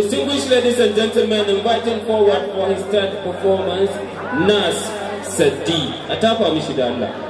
Distinguished ladies and gentlemen, inviting forward for his third performance, Nas Sadi. A tafa mishi da Allah.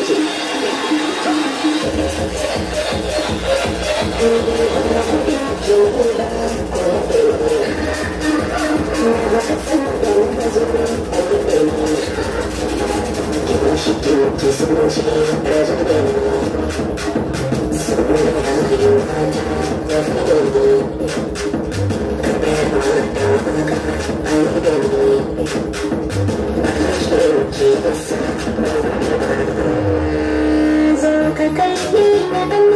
Jesus.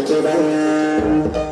Thank you.